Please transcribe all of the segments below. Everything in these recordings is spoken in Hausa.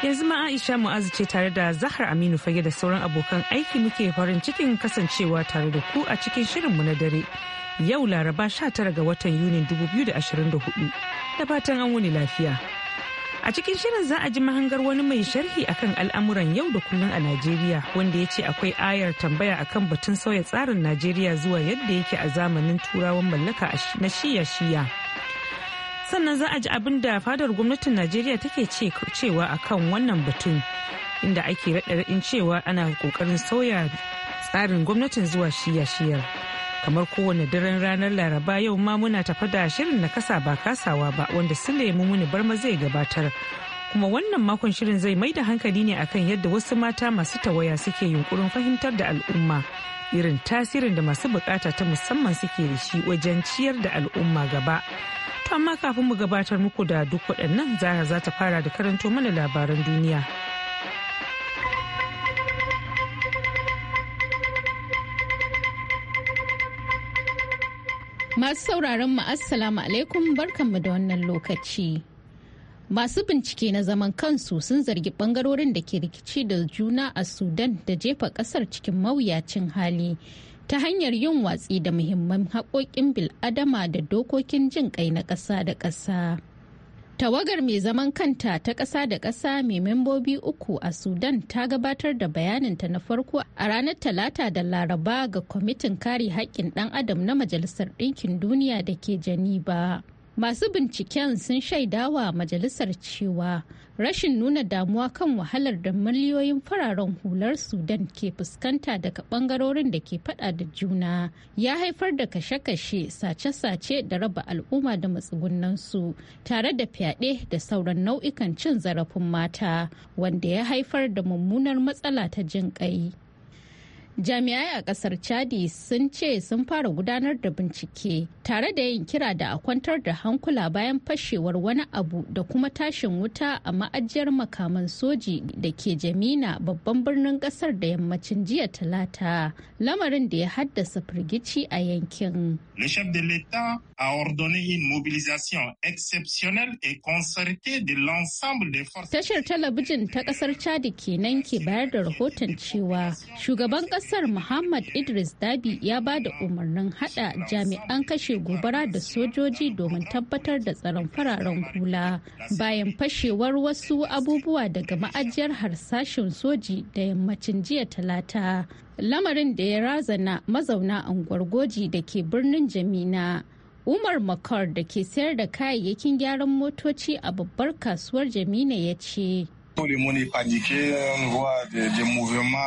Yanzu ma Aisha Mu'azu ce tare da Zahar Aminu Fage da sauran abokan aiki muke farin cikin kasancewa tare da ku a cikin shirinmu na dare. Yau Laraba 19 ga watan Yunin 2024 da fatan an wuni lafiya. A cikin shirin za a ji mahangar wani mai sharhi akan al'amuran yau da kullum a Najeriya wanda ya ce akwai ayar tambaya akan batun sauya tsarin Najeriya zuwa yadda yake a zamanin turawan mallaka na shiya-shiya. sannan za a ji abin da fadar gwamnatin najeriya take cewa akan wannan batun inda ake raɗaɗin cewa ana ƙoƙarin sauya tsarin gwamnatin zuwa shiya-shiyar kamar kowane daren ranar laraba yau ma muna tafa da shirin na kasa ba kasawa ba wanda su mu muni barma zai gabatar kuma wannan makon shirin zai mai da hankali ne akan yadda wasu mata masu tawaya suke yunkurin fahimtar da al'umma irin tasirin da masu bukata ta musamman suke da shi wajen ciyar da al'umma gaba To amma kafin mu gabatar muku da duk waɗannan zara za ta fara da karanto mana labaran duniya. Masu sauraron mu Assalamu alaikum barkanmu da wannan lokaci. Masu bincike na zaman kansu sun zargi bangarorin da ke rikici da juna a Sudan da jefa kasar cikin mawuyacin hali ta hanyar yin watsi da muhimman haƙoƙin bil'adama da dokokin jin ƙai na ƙasa da ƙasa. Tawagar mai zaman kanta ta ƙasa da ƙasa mai membobi uku a Sudan ta gabatar da bayaninta na farko a ranar Talata da Laraba ga Kwamitin Kare Haƙƙin Ɗan Adam na Majalisar Ɗinkin Duniya da ke Janiba. masu binciken sun shaidawa majalisar cewa rashin nuna damuwa kan wahalar da miliyoyin fararen hular sudan ke fuskanta daga bangarorin da ke fada da juna ya haifar da kashe-kashe sace-sace da raba al'umma da matsugunansu tare da fyaɗe da sauran nau'ikan cin zarafin mata wanda ya haifar da mummunar matsala ta jin ƙai. jami'ai a kasar chadi sun ce sun fara gudanar da bincike tare da yin kira da a kwantar da hankula bayan fashewar wani abu da kuma tashin wuta a ma'ajiyar makaman soji da ke jamina babban birnin kasar da yammacin jiya talata lamarin da ya haddasa firgici a yankin le chef de tashar talabijin ta kasar chadi kenan ke bayar da rahoton cewa shugaban kasar kasar muhammad idris dabi ya ba da umarnin hada jami'an kashe gobara da sojoji domin tabbatar da tsaron fararen hula bayan fashewar wasu abubuwa daga ma'ajiyar harsashin soji da yammacin jiya talata lamarin da ya razana mazauna unguwar goji da ke birnin jamina umar makar da ke sayar da kayayyakin gyaran motoci a babbar kasuwar jamina ya ce Tout le monde est on voit des, des mouvements,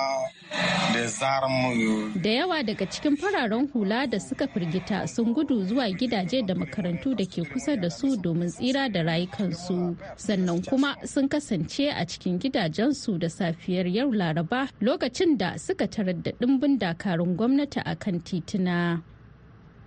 des armes. Euh. Da yawa daga cikin fararen hula da suka firgita sun gudu zuwa gidaje da makarantu da ke kusa da su domin tsira da rayukansu. Sannan kuma sun kasance a cikin gidajensu da safiyar yau Laraba lokacin da suka tarar da dimbin dakarun gwamnati a kan tituna.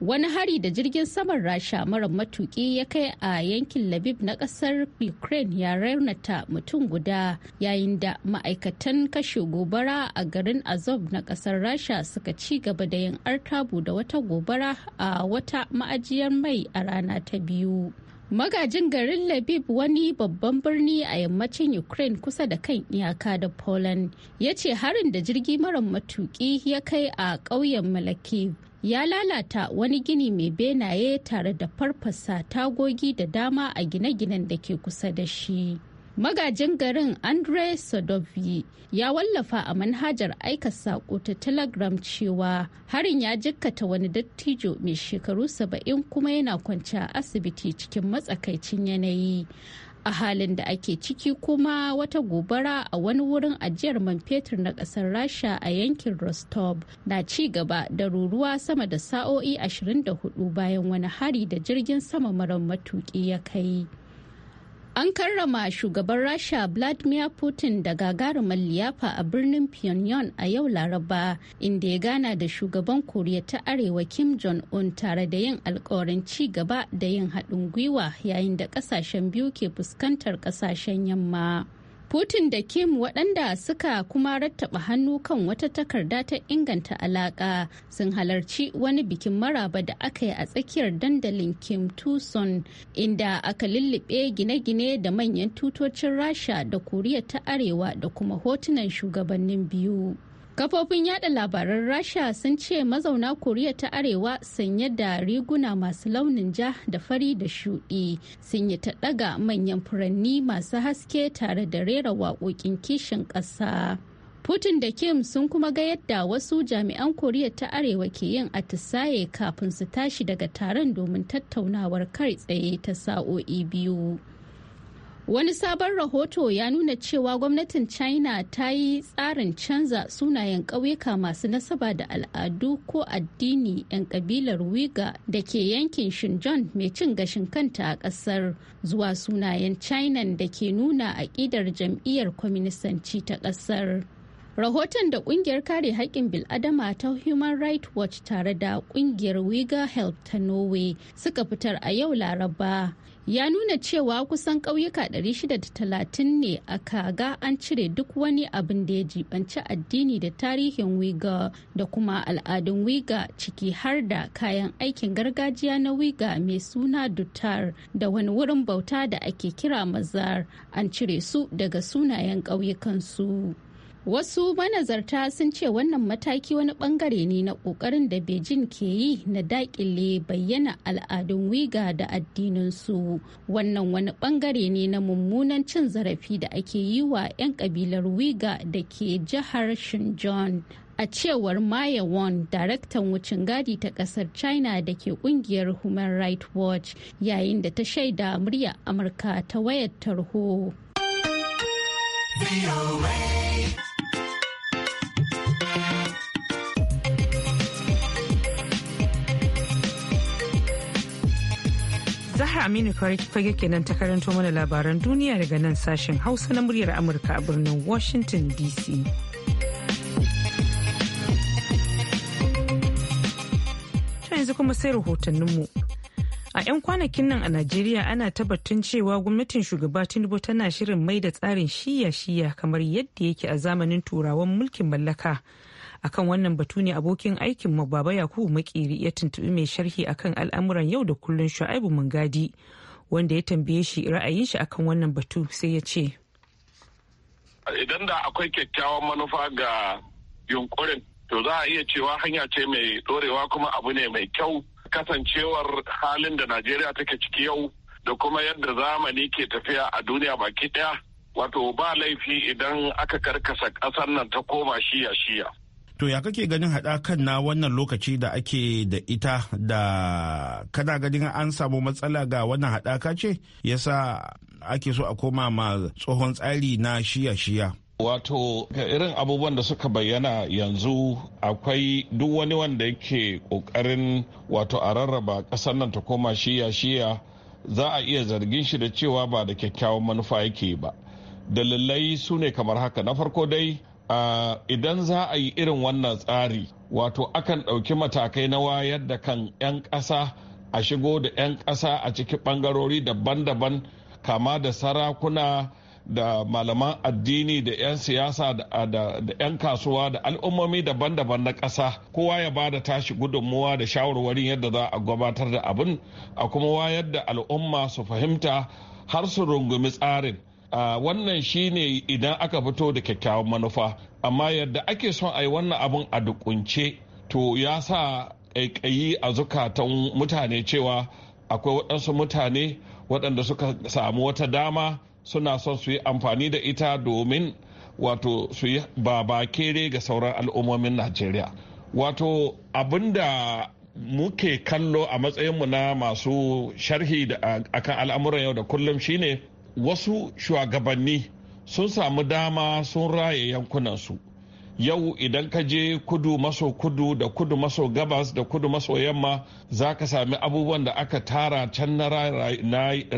wani hari da jirgin saman rasha mara matuki ya kai a yankin labib na kasar ukraine ya raunata mutum guda yayin da ma'aikatan kashe gobara a garin azov na kasar rasha suka ci gaba da yin artabu da wata gobara a wata ma'ajiyar mai a rana ta biyu magajin garin labib wani babban birni a yammacin ukraine kusa da kan iyaka da poland ya ce harin da jirgi mara matuki ya kai a ƙauyen malakiv ya lalata wani gini mai benaye tare da farfasa tagogi da dama a gine-ginen da ke kusa da shi. Magajin garin Andre Sodovi ya wallafa a manhajar aika saƙo ta Telegram cewa harin ya jikkata wani dattijo mai shekaru saba'in kuma yana kwance a asibiti cikin matsakaicin yanayi. a halin da ake ciki kuma wata gobara a wani wurin ajiyar man fetur na kasar rasha a yankin rostov na ci gaba da ruruwa sama da sa'o'i 24 bayan wani hari da jirgin sama marar matuki ya kai An karrama shugaban Rasha Vladimir Putin da gagarumin liyafa a birnin Pyongyang a yau Laraba, inda ya gana da shugaban Koriya ta Arewa Kim Jong-un tare da yin alkawarin ci gaba da yin haɗin gwiwa yayin da ƙasashen biyu ke fuskantar ƙasashen yamma. Putin da Kim waɗanda suka kuma rattaba hannu kan wata takarda ta inganta alaƙa sun halarci wani bikin maraba da aka yi a tsakiyar dandalin Kim Tucson inda aka lullube gine-gine da manyan tutocin Rasha da Koriya ta Arewa da kuma hotunan shugabannin biyu. Kafofin yada labaran Rasha sun ce mazauna Koriya ta Arewa sanye da riguna masu launin ja da fari da shuɗi sun yi ta ɗaga manyan furanni masu haske tare da rera waƙoƙin kishin ƙasa. Putin da Kim sun kuma ga yadda wasu jami'an Koriya ta Arewa ke yin atisaye kafin su tashi daga taron domin tattaunawar kai tsaye ta sa'o'i biyu. Wani sabon rahoto ya nuna cewa gwamnatin China ta yi tsarin canza sunayen ƙauyuka masu nasaba da al'adu ko addini 'yan kabilar Wiga da ke yankin Xinjiang mai cin gashin kanta a ƙasar zuwa sunayen China da ke nuna aƙidar jam'iyyar kwaministanci ta ƙasar. Rahoton da ƙungiyar kare haƙƙin bil'adama ta Human Rights Watch tare da ƙungiyar Uyghur health ta Norway suka fitar a yau Laraba ya nuna cewa kusan ƙauyuka 630 ne a kaga an cire duk wani abin da ya jibanci addini da tarihin wiga da kuma al'adun wiga ciki har da kayan aikin gargajiya na wiga mai suna dutar da wani wurin bauta da ake kira mazar an cire su daga sunayen ƙauyukansu. Wasu manazarta sun ce wannan mataki wani bangare ne na kokarin da Beijing ke yi na dakile bayyana al'adun wiga da addininsu. Wannan wani bangare ne na mummunan cin zarafi da ake yi wa 'yan kabilar wiga da ke jihar Xinjiang. A cewar Maya Won, daraktan wucin gadi ta kasar China da ke kungiyar Human Rights Watch yayin da ta shaida murya Amurka ta wayar tarho. Zahra Aminu fage kenan ta karanto mana labaran duniya daga nan sashen Hausa na muryar Amurka a birnin Washington DC. Ta yanzu kuma sai rahotanninmu. A 'yan kwanakin nan a Najeriya ana tabbatun cewa gwamnatin shugaba Tinubu tana shirin mai da tsarin shiya-shiya kamar yadda yake a zamanin turawan mulkin mallaka akan wannan batu ne abokin aikin mu baba yakubu makiri ya tuntubi mai sharhi akan al'amuran yau da kullun shu'aibu mungadi wanda ya tambaye shi ra'ayin shi akan wannan batu sai ya ce idan da akwai kyakkyawan manufa ga yunkurin to za a iya cewa hanya ce mai dorewa kuma abu ne mai kyau kasancewar halin da najeriya take ciki yau da kuma yadda zamani ke tafiya a duniya baki daya wato ba laifi idan aka karkasa ƙasar nan ta koma shiya shiya To ya kake ganin haɗakan na wannan lokaci da ake da ita da kana ganin an samu matsala ga wannan haɗaka ce yasa ake so a koma ma tsohon tsari na shiya-shiya. Wato irin abubuwan da suka bayyana yanzu akwai duk wani wanda yake ƙoƙarin wato a rarraba ƙasar nan ta koma shiya-shiya za a iya zargin shi da cewa ba da kyakkyawan manufa yake ba. Dalilai su ne kamar haka na farko dai idan za a yi irin wannan tsari wato akan ɗauki matakai na wayar da kan 'yan ƙasa a shigo da 'yan ƙasa a cikin ɓangarori daban-daban kama da sarakuna da malaman addini da 'yan siyasa da 'yan kasuwa da al'ummomi daban-daban na ƙasa kowa ya ba da tashi gudunmuwa da shawarwarin yadda za a gabatar da abin a kuma wayar da al'umma su fahimta har su rungumi tsarin wannan shine idan aka fito da kyakkyawan manufa amma yadda ake son a yi wannan abin a dukunce to ya sa ƙaiƙayi a zukatan mutane cewa akwai waɗansu mutane waɗanda suka samu wata dama suna son su yi amfani da ita domin wato su yi babakere ga sauran al'ummomin najeriya wato abinda muke kallo a matsayinmu na masu sharhi akan al'amuran yau da kullum shine wasu shugabanni sun samu dama sun raye yankunansu yau idan ka je kudu maso kudu da kudu maso gabas da kudu maso yamma za ka sami abubuwan da aka tara can na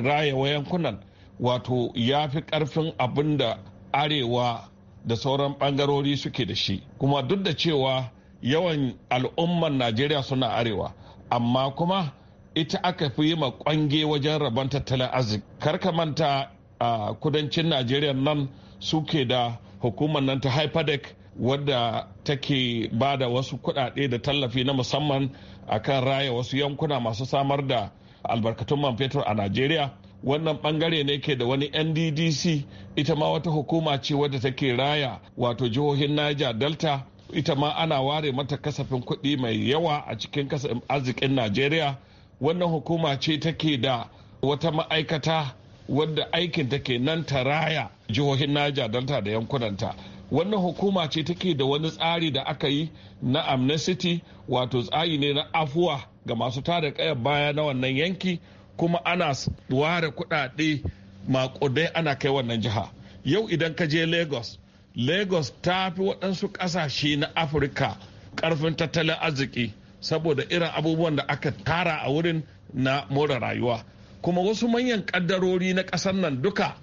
raye wa yankunan wato ya fi karfin abin da arewa da sauran bangarori suke da shi kuma duk da cewa yawan al'umman najeriya suna arewa amma kuma ita aka fi yi ma kwange wajen rabon tattalin arziki karka manta a kudancin najeriya nan suke da hukumar nan ta hyperdeck wadda take ba da wasu kudade da tallafi na musamman akan raya wasu yankuna masu samar da albarkatun man fetur a najeriya wannan bangare ne ke da wani nddc ita ma wata hukuma ce wadda take raya wato jihohin niger delta ita ma ana ware mata kasafin kuɗi mai yawa a cikin kasafin arzikin najeriya wannan hukuma ce take da wata ma'aikata wadda aikin take nan ta raya jihohin naja delta da yankunanta wannan hukuma ce take da wani tsari da aka yi na amnesty wato tsari ne na afuwa ga masu tada kayan baya na wannan yanki kuma ana ware kudade makudai ana kai wannan jiha yau idan ka je lagos lagos ta fi waɗansu ƙasashe na afirka ƙarfin tattalin arziki saboda irin abubuwan da aka tara a wurin na more rayuwa kuma wasu manyan kaddarori na ƙasar nan duka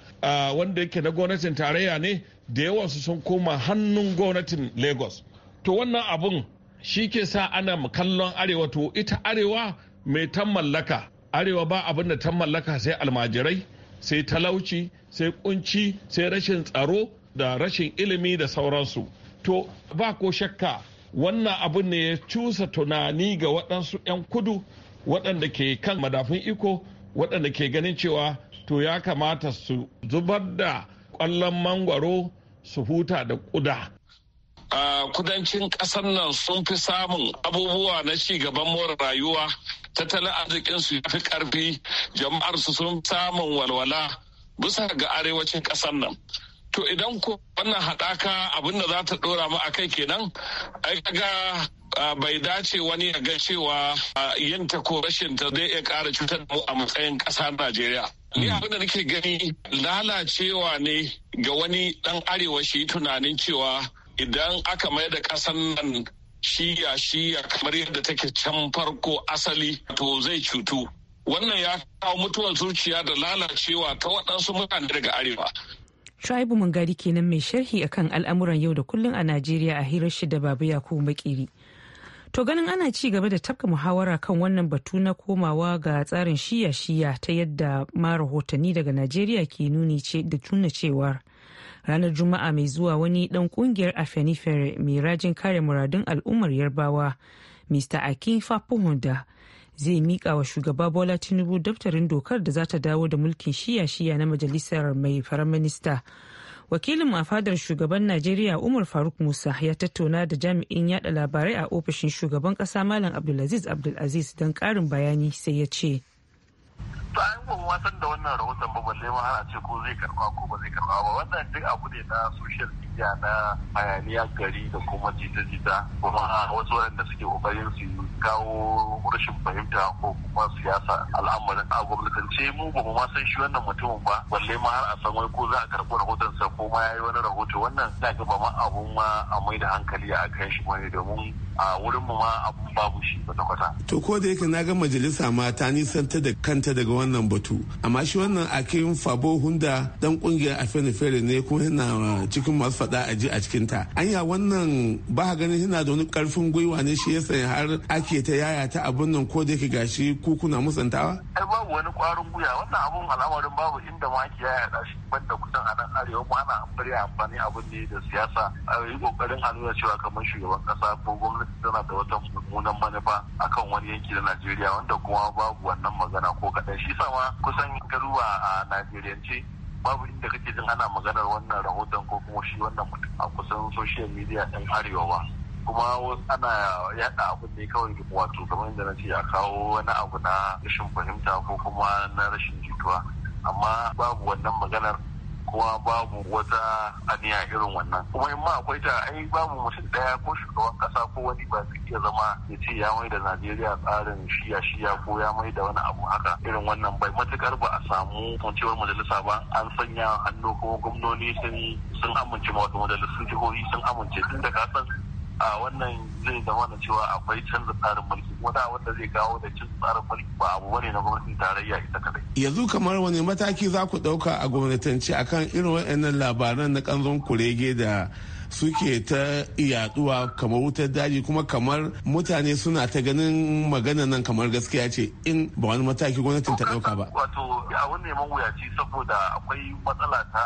wanda yake na gwamnatin tarayya ne da yawansu sun koma hannun gwamnatin lagos to wannan abun shi ke sa ana kallon arewa to ita arewa mai tan mallaka arewa ba abin da tan mallaka sai almajirai sai talauci sai kunci sai rashin tsaro da rashin ilimi da sauransu to ba ko shakka wannan abin ne ya cusa tunani ga waɗansu 'yan kudu waɗanda ke kan madafin iko waɗanda ke ganin cewa to ya kamata su zubar da ƙwallon mangwaro su huta da ƙuda. a kudancin ƙasar nan sun fi samun abubuwa na ci gaban more rayuwa tattalin arzikinsu ya fi ƙarfi jama'arsu sun samun walwala bisa ga arewacin ƙasar nan to idan ku wannan haɗaka abin da za ta ɗora mu a kai kenan ai kaga bai dace wani ya ga cewa yin ta ko rashin ta zai iya kara cutar da mu a matsayin ƙasa Najeriya. Ni abin da nake gani lalacewa ne ga wani ɗan arewa shi tunanin cewa idan aka mai da ƙasar nan shiya shiya kamar yadda take can farko asali to zai cutu. Wannan ya kawo mutuwar zuciya da lalacewa ta waɗansu mutane daga arewa. Shaibu Mungari kenan mai sharhi akan al'amuran yau da kullun a Najeriya a hirar shi da ya yaku Makiri. To ganin ana ci gaba da tafka muhawara kan wannan batu na komawa ga tsarin shiya-shiya ta yadda ma rahotanni daga Najeriya ke nuni ce da tuna cewar ranar Juma'a mai zuwa wani dan kungiyar Afenifere mai rajin kare muradun al'ummar Yarbawa Mr. Akin Fapuhunda zai mika wa shugaba bola tinubu daftarin dokar da za ta dawo da mulkin shiya-shiya na majalisar mai faraminista wakilin a fadar shugaban najeriya umar faruk musa ya tattauna da jami'in yada labarai a ofishin shugaban kasa malam abdulaziz abdulaziz don karin bayani sai ya ce to yi wasan da wannan rahoton ba balle ma ana ce ko zai karba ko ba zai karba ba wannan duk abu ne na social jiya na hayaniya gari da kuma jita-jita kuma wasu waɗanda suke ƙoƙarin su kawo rashin fahimta ko kuma siyasa al'amarin a gwamnatance mu ba mu ma san shi wannan mutumin ba balle ma har a san wai ko za a karɓi rahoton sa ko ma yi wani rahoto wannan ina ga ba ma abun ma a mai da hankali a kan shi wani domin a wurin mu ma abun babu shi ba kwata To ko da yake na ga majalisa ma ta nisanta da kanta daga wannan batu amma shi wannan akin fabo hunda dan kungiyar afenifere ne kuma yana cikin masu faɗa a ji a cikin ta anya wannan ba ganin yana da wani karfin gwiwa ne shi yasa har ake ta yaya ta abin nan ko da ke gashi ku kuna musantawa ai babu wani kwarin gwiwa wannan abun al'amarin babu inda ma ake yaya da shi banda kusan a arewa ma ana amfani amfani abin ne da siyasa a yi kokarin a nuna cewa kamar shugaban kasa ko gwamnati tana da wata mummunan manufa akan wani yanki na Najeriya wanda kuma babu wannan magana ko kaɗan shi sama kusan garuwa a Najeriyance babu inda kake jin ana maganar wannan rahoton ko kuma shi wannan a kusan social media ɗin arewa ba kuma ana yada abin ne kawai wato kamar yadda na ce a kawo wani abu na rashin fahimta ko kuma na rashin jituwa amma babu wannan maganar kuma babu wata aniya irin wannan kuma in akwai ta ai babu mutum daya ko shugaban kasa ko wani ba zai iya zama ya ce ya mai da najeriya tsarin shiya shiya ko ya mai da wani abu haka irin wannan bai matukar ba a samu kwanciyar majalisa ba an sanya hannu ko gwamnoni sun amince ma wata majalisun jihohi sun amince tun da ka san. a wannan zai zama da cewa akwai canza tsarin mulki kuma da wanda zai kawo da cin tsarin mulki ba abu bane na gwamnatin tarayya ita kadai yanzu kamar wani mataki za ku dauka a gwamnatance akan irin waɗannan labaran na kanzon kurege da suke ta yaduwa kamar wutar daji kuma kamar mutane suna ta ganin magana nan kamar gaskiya ce in ba wani mataki gwamnatin ta dauka ba wato a wannan neman saboda akwai matsala ta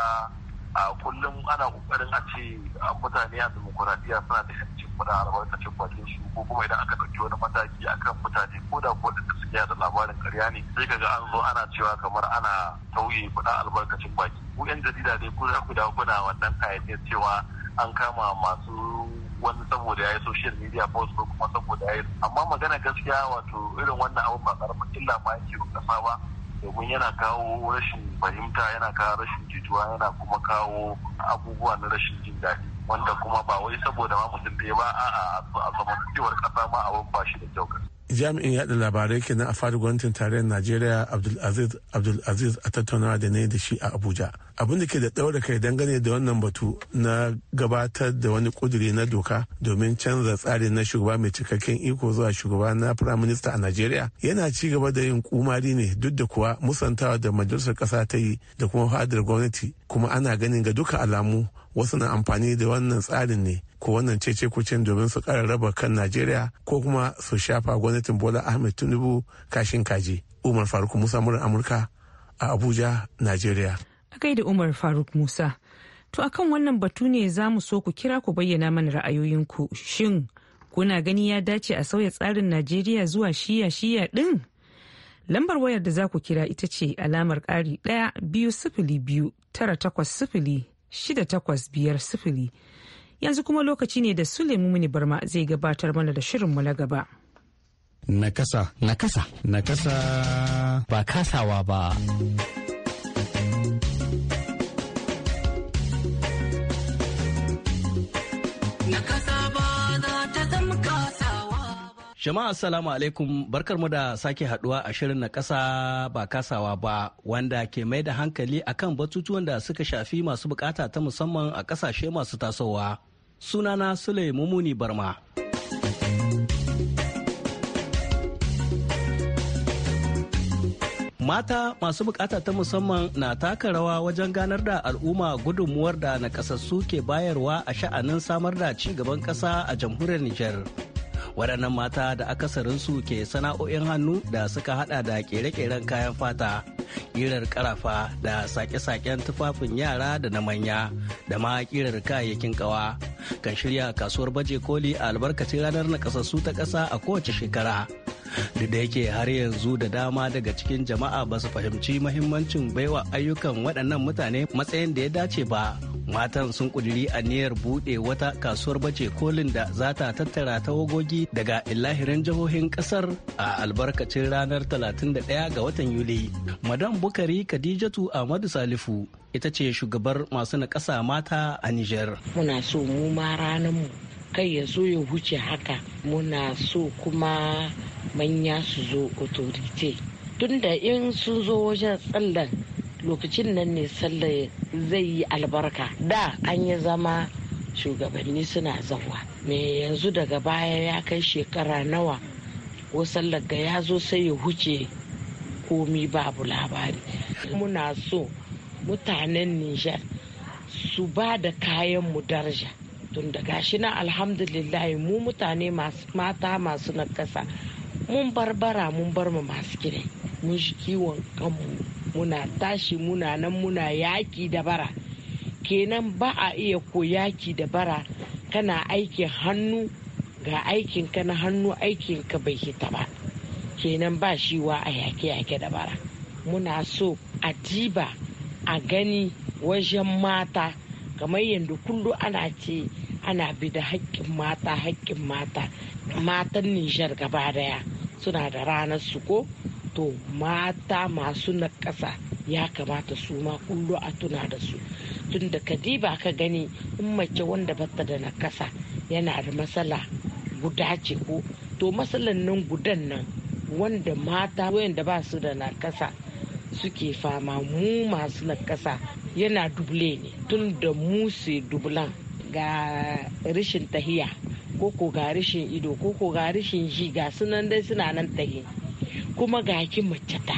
a kullum ana kokarin a ce mutane a demokuraɗiyya suna da yancin faɗa albarkacin bakin su ko kuma idan aka ɗauki wani mataki akan mutane ko da ko da suke da labarin karya ne sai kaga an zo ana cewa kamar ana tauye faɗa albarkacin baki Ko yan jarida dai ku za ku dawo kuna wannan kayan cewa an kama masu wani saboda ya yi social media post ko kuma saboda ya yi amma magana gaskiya wato irin wannan abu ba karamin illa ma yake ƙasa ba domin yana kawo rashin fahimta yana kawo rashin jituwa yana kuma kawo abubuwa na rashin jin daɗi wanda kuma ba wai saboda ma mutum ɗaya ba a'a a zamantakewar ƙasa ma abin ba shi da kyau jami'in yada labarai kenan a fadar gwamnatin tarayyar najeriya abdulaziz abdulaziz a tattaunawa da na yi da shi a abuja abin da ke da ɗaura kai dangane da wannan batu na gabatar da wani kuduri na doka domin canza tsari na shugaba mai cikakken iko zuwa shugaba na prime minister a najeriya yana ci gaba da yin kumari ne duk da kuwa musantawa da majalisar ƙasa ta yi da kuma fadar gwamnati kuma ana ganin ga duka alamu wasu na amfani da wannan tsarin ne ko wannan cece kucin domin su kara raba kan najeriya ko kuma su shafa gwamnatin bola ahmed tinubu kashin kaji umar faruk musa murar amurka a abuja najeriya a da umar faruk musa to akan wannan batu ne za mu so ku kira ku bayyana mana ra'ayoyinku shin kuna gani ya dace a sauya tsarin najeriya zuwa shiya shiya din lambar wayar da za ku kira ita ce alamar ƙari ɗaya biyu sifili biyu tara takwas sifili shida takwas biyar sifili yanzu kuma lokaci ne da Suleiman Mini Barma zai gabatar mana da shirinmu na gaba. Nakasa. Nakasa. Nakasa. Ba kasawa ba. Jama'a salamu alaikum barkarmu da sake haduwa a shirin na kasa ba kasawa ba wanda ke mai da hankali akan batutuwan da suka shafi masu bukata ta musamman a kasashe masu tasowa. sunana Sule Mumuni Barma. Mata masu bukata ta musamman na taka rawa wajen ganar da al'umma gudunmuwar da nakasassu ke bayarwa a sha'anin samar da ci gaban ƙasa a jamhuriyar Nijar. waɗannan mata da akasarin su ke sana'o'in hannu da suka hada da kere-keren kayan fata kirar karafa da sake-saken tufafin yara da na manya da ma kirar kayayyakin kawa kan shirya kasuwar baje koli a albarkacin ranar nakasassu ta ƙasa a kowace shekara duk da yake har yanzu da dama daga cikin jama'a ba su fahimci mahimmancin baiwa ayyukan waɗannan mutane matsayin da ya dace ba matan sun kuduri aniyar buɗe wata kasuwar bace kolin da za ta tattara tawagogi daga ilahirin jihohin kasar a albarkacin ranar 31 ga watan yuli madam bukari khadijatu ahmadu salifu ita ce shugabar masu naƙasa mata a niger muna so mu ma ranar mu kai ya zo ya huce haka muna so kuma manya su zo otorite tunda in sun zo wajen tsallan lokacin nan ne sallah zai yi albarka da an yi zama shugabanni suna zawa me yanzu daga baya ya kai shekara nawa ko sallar ga ya zo sai ya huce komi babu labari muna so mutanen nijar su ba da kayan mu daraja tun da gashi na alhamdulillah mu mutane masu mata masu nakasa mun barbara mun bar mu masu gida mun shi kiwon kanmu muna tashi muna nan muna yaƙi da bara kenan ba a iya ko yaƙi da bara kana aikin hannu ga aikin ka na hannu aikin ka bai hita ba kenan ba shi wa a yaƙe-yaƙe da bara muna so a diba a gani wajen mata kamar yadda kullum ana ce ana bi da haƙƙin mata haƙƙin mata matan nijar gaba daya suna da ranar su ko to mata masu ƙasa ya kamata su ma kullu a tuna da su tunda da kadiba ka gani in mace wanda bata da ƙasa yana da matsala guda ce ko to matsalan nan gudan nan wanda mata wayanda ba su da ƙasa suke fama mu masu ƙasa yana duble ne tun da mu dublan ga rashin tahiya ko ko ga rashin ido ko ko ga rashin ji ga sunan dai suna nan tahi kuma ga ki mace ta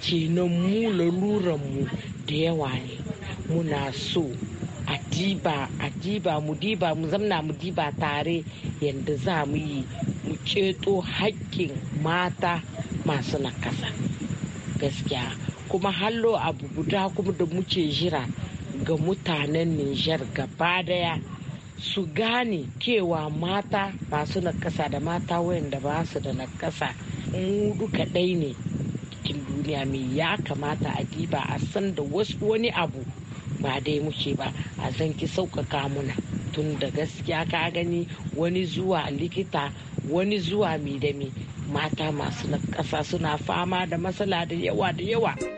kenan mu laluran mu da yawa ne muna so a diba a diba mu diba mu zamna mu diba tare yadda za mu yi mu ceto hakkin mata masu nakasa gaskiya kuma hallo abu guda kuma da muke jira ga mutanen Nijar gaba daya su gane cewa mata masu nakasa da mata wayanda ba su da nakasa mu duka ɗai ne cikin duniya mai ya kamata a diba a san da wasu wani abu ba dai muke ba a ki sauƙaƙa muna tun da gaskiya ka gani wani zuwa likita wani zuwa mi da mata masu ƙasa suna fama da matsala da yawa da yawa.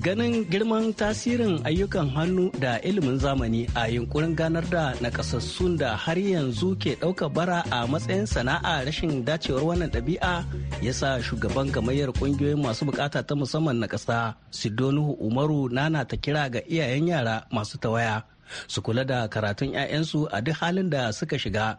ganin girman tasirin ayyukan hannu da ilimin zamani a yunkurin ganar da nakasassun da har yanzu ke ɗauka bara a matsayin sana'a rashin dacewar wannan ɗabi'a ya sa shugaban gamayyar ƙungiyoyin masu bukata ta musamman na ƙasa sidonuhu umaru nana ta kira ga iyayen yara masu tawaya su kula da karatun 'ya'yansu a duk halin da suka shiga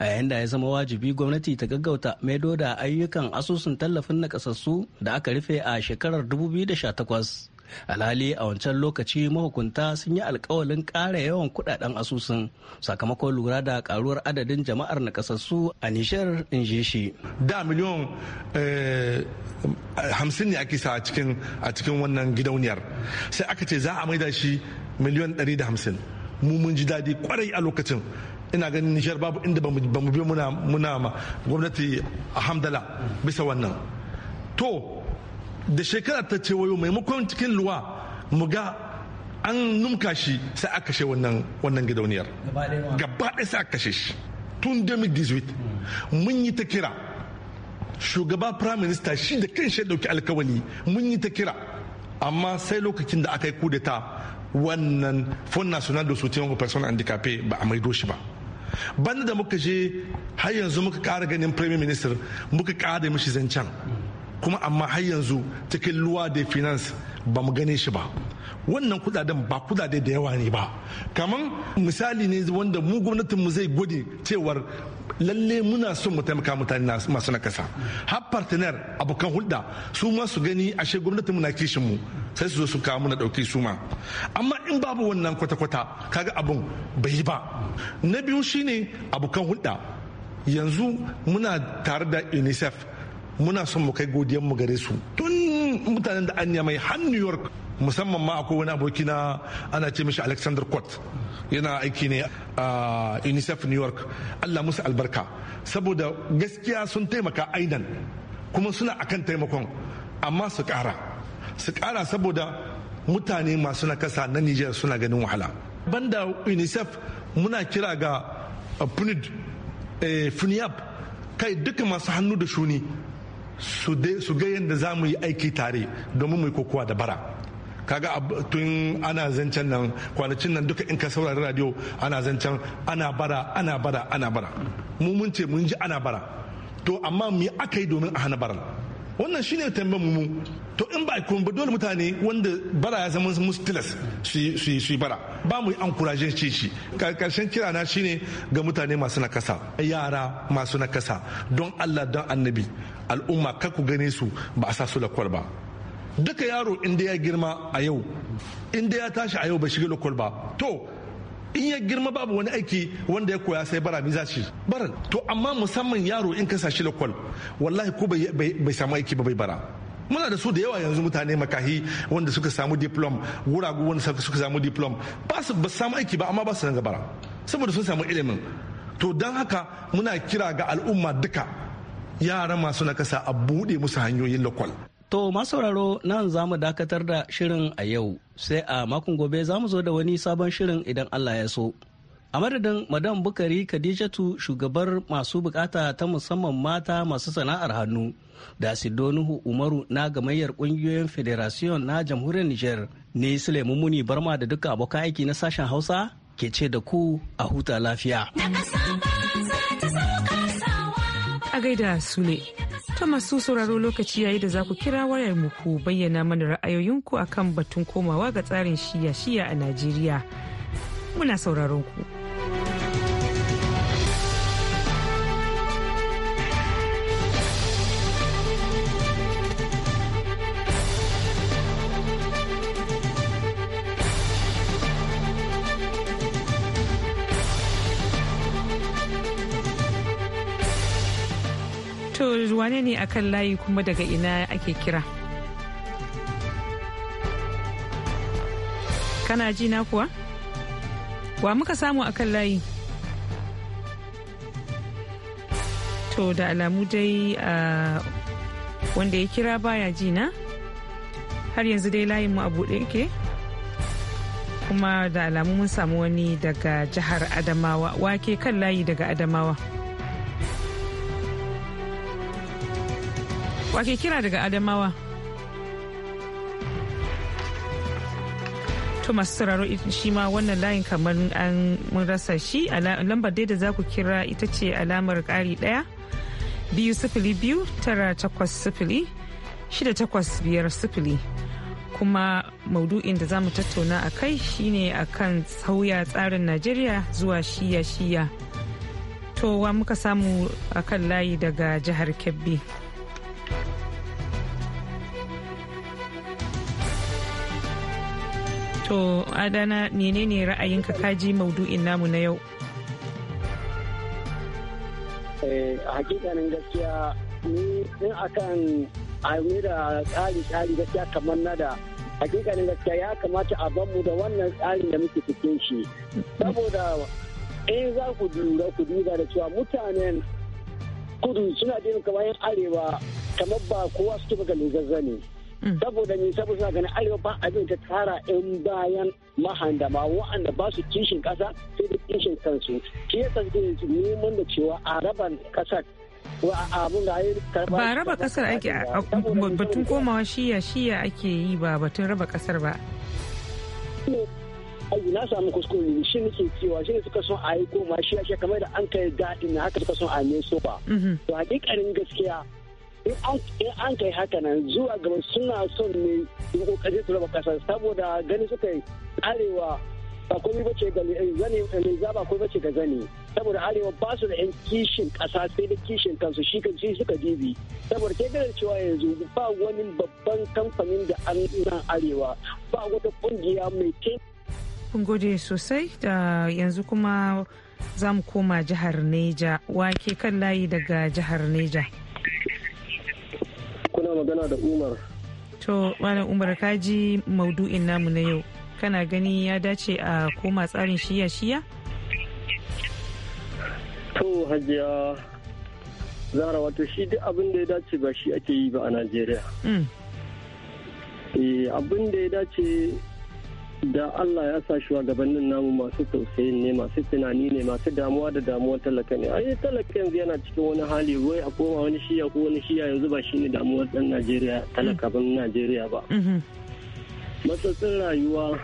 a yayin da ya zama wajibi gwamnati ta gaggauta maido da ayyukan asusun tallafin nakasassu da aka rufe a shekarar 2018 alhali a wancan lokaci mahukunta sun yi alkawalin ƙara yawan kudaden asusun sakamakon lura da karuwar adadin jama'ar nakasassu a nishar in ji shi da miliyon eh, hamsin ne ake sa a cikin wannan gidauniyar sai aka ce za a maida shi miliyon ɗari da hamsin mu mun ji daɗi kwarai a lokacin ina ganin nishar babu inda ba mu bi muna muna gwamnati a hamdala bisa wannan to da shekara ta ce wayo maimakon cikin luwa mu ga an numka shi sai aka kashe wannan wannan gidauniyar gaba ɗaya sai aka kashe shi tun 2018 mun yi ta kira shugaba prime minister shi da kan shi dauki alkawali mun yi ta kira amma sai lokacin da aka yi kudeta wannan fond national de soutien aux personnes handicapées ba a maido shi ba banda da muka je har yanzu muka kara ganin premier minister muka kara mishi zancen kuma amma har yanzu cikin luwa da finance ba mu gane shi ba wannan kudaden ba kudade da yawa ne ba kamar misali ne wanda mu gwamnatin mu zai gode cewar lalle muna son mu taimaka mutane masu nakasa har partner abokan hulɗa su ma su gani ashe gwamnatin muna kishin mu sai su zo su kawo muna ɗauki su ma amma in babu wannan kwata-kwata kaga abun bai yi ba na biyu shine abokan hulɗa yanzu muna tare da unicef muna son mu kai godiyan mu gare su tun mutanen da an mai har new york musamman ma akwai wani aboki na ana ce mishi alexander court yana aiki ne a unicef new york allah musu albarka saboda gaskiya sun taimaka aidan kuma suna akan taimakon amma su kara su kara saboda mutane masu nakasa na niger suna ganin wahala banda unicef muna kira ga eh, pnud funiab eh, kai duka masu hannu da shuni su ga yadda za mu yi aiki tare domin mu yi kokowa da bara kaga tun ana zancen nan kwanacin nan duka in ka saurari radio ana zancen ana bara ana bara ana bara mu mun ce mun ji ana bara to amma mu yi aka yi domin a hana bara wannan shine tambayar mu to in ba kuma ba dole mutane wanda bara ya zama musu tilas su yi bara ba mu yi ankurajen ci shi karshen kira na shine ga mutane masu nakasa yara masu nakasa don Allah don annabi al'umma kar ku gane su ba a sa su lakwal ba duka yaro inda ya girma a yau inda ya tashi a yau ba shiga lakwal ba to in ya girma babu wani aiki wanda ya koya sai bara za shi bara to amma musamman yaro in ka sashi lakwal wallahi ko bai samu aiki ba bai bara muna da su da yawa yanzu mutane makahi wanda suka samu diplom wuragu wanda suka samu diplom ba su ba samu aiki ba amma ba su nan saboda sun samu ilimin to don haka muna kira ga al'umma duka yara masu nakasa a buɗe musu hanyoyin lokal To masu sauraro nan za mu dakatar da shirin a yau sai a makon gobe za mu zo da wani sabon shirin idan Allah ya so. a madadin madam bukari khadijatu shugabar masu bukata ta musamman mata masu sana'ar hannu da sidonuhu umaru na gamayyar kungiyoyin federation na jamhuriyar niger ne sulaimu muni barma da duka abokan aiki na sashen hausa ke ce da ku a huta lafiya a gaida su ne ta masu sauraro lokaci yayi da za ku kira wayar muku bayyana mana ra'ayoyinku akan batun komawa ga tsarin shiya-shiya a najeriya muna sauraron ku. wane ne akan layi kuma daga ina ake kira kana ji na kuwa wa muka samu akan layi to da alamu dai a wanda ya kira baya ji na har yanzu dai layin mu a buɗe yake kuma da alamu mun samu wani daga jihar adamawa wake kan layi daga adamawa Wake kira daga Adamawa. To masu sauraro shi ma wannan layin kamar an mun rasa shi lambar dai da za ku kira ita ce alamar kari ɗaya biyu sifili biyu tara takwas sifili shida takwas biyar sifili. kuma maudu'in da za mu tattauna a kai shine kan sauya tsarin najeriya zuwa shiya-shiya to wa muka samu akan layi daga jihar kebbi To Adana menene ra'ayinka kaji maudu'in namu na yau? Eh, a hakikanin gaskiya ni in akan aimi da tsari tsari gaskiya kamar na da hakikanin gaskiya ya kamata a banmu da wannan tsarin da muke cikin shi. Saboda in za ku ku duba da cewa mutanen kudu suna jin kamar yan arewa kamar ba kowa su ga lugazzane. ne. saboda ni saboda suna ganin arewa ba abin ta tara yan bayan mahandama wa'anda ba su kishin kasa sai da kishin kansu shi yasa suke neman da cewa a raban kasar ba raba kasar ake batun komawa shiya shiya ake yi ba batun raba kasar ba ayi na samu kuskure ne shi nake cewa shi ne suka son a yi koma shi shi kamar da an kai na haka suka son a ne so ba mhm. to hakikarin gaskiya in an kai haka nan zuwa gaba suna son ne in kokarin su raba kasar saboda gani suka yi arewa ba komai bace ga eh, zani eh, za ba komai bace ga zani saboda arewa ba su da yan kishin kasa sai da kishin kansu shi kan shi suka dibi saboda ke ganin cewa yanzu ba wani babban kamfanin da an arewa ba wata kungiya mai ke kun gode sosai da yanzu kuma za mu koma jihar neja wake kan layi daga jihar neja ina magana da Umar. To, Malam Umar kaji maudu'in namu na yau. Kana gani ya dace a koma tsarin shiya-shiya? To, hajiya Zara wato shi duk abin da ya dace ba shi ake yi ba a Najeriya. Mm. Eh, abin da ya dace da Allah ya sa shugabannin namu masu tausayin ne masu tunani ne masu damuwa da damuwar talaka ne ai talaka yanzu yana cikin wani hali wai a koma wani shiya ko wani shiya yanzu ba shine damuwar dan Najeriya talaka ban Najeriya ba mm-hmm. matsatsin rayuwa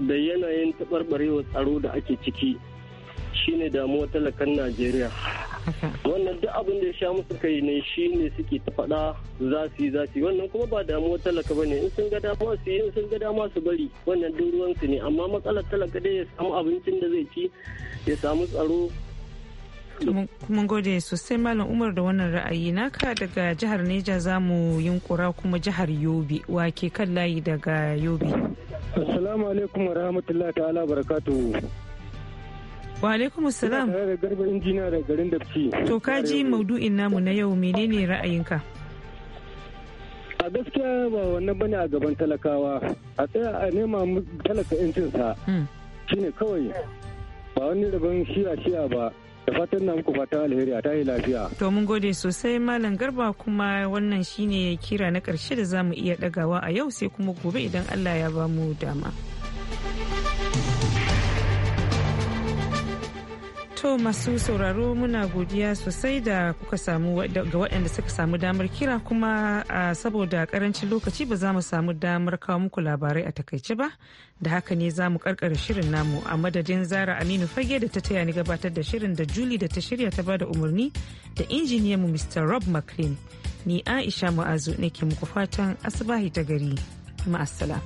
da yanayin tabarbarewa tsaro da ake ciki shine damuwar talakan Najeriya wannan duk abin da ya sha musu kai ne shi ne suke ta faɗa za su yi za su yi wannan kuma ba damuwa talaka ba ne in sun ga dama su yi in sun ga dama su bari wannan duk ruwansu ne amma matsalar talaka dai ya samu abincin da zai ci ya samu tsaro mun gode sosai malam umar da wannan ra'ayi naka daga jihar neja za mu yunkura kuma jihar yobe wake kan layi daga yobe assalamu alaikum wa rahmatullahi ta'ala barakatuhu Wa alaikum salam. Ina da injina da garin fi. To ka ji maudu'in namu na yau menene ra'ayinka? A gaskiya ba wannan bane a gaban talakawa. A tsaya a nema talaka yancinsa. Hmm. Shine kawai. Ba wani rabon shiya shiya ba. Da fatan na muku fata alheri a tayi lafiya. To mun gode sosai Malam Garba kuma wannan shine kira na karshe da zamu iya dagawa a yau sai kuma gobe idan Allah ya bamu dama. To masu sauraro muna godiya sosai da kuka samu ga waɗanda suka samu damar kira kuma saboda karancin lokaci ba za mu samu damar kawo muku labarai a takaice ba da haka ne za mu karkara shirin namu a madadin zara aminu fage da ta taya ni gabatar da shirin da juli da ta shirya ta bada umarni da injiniyan mu mr rob mclean ni aisha mu'azu ke muku fatan asibahi ta gari ma'asala.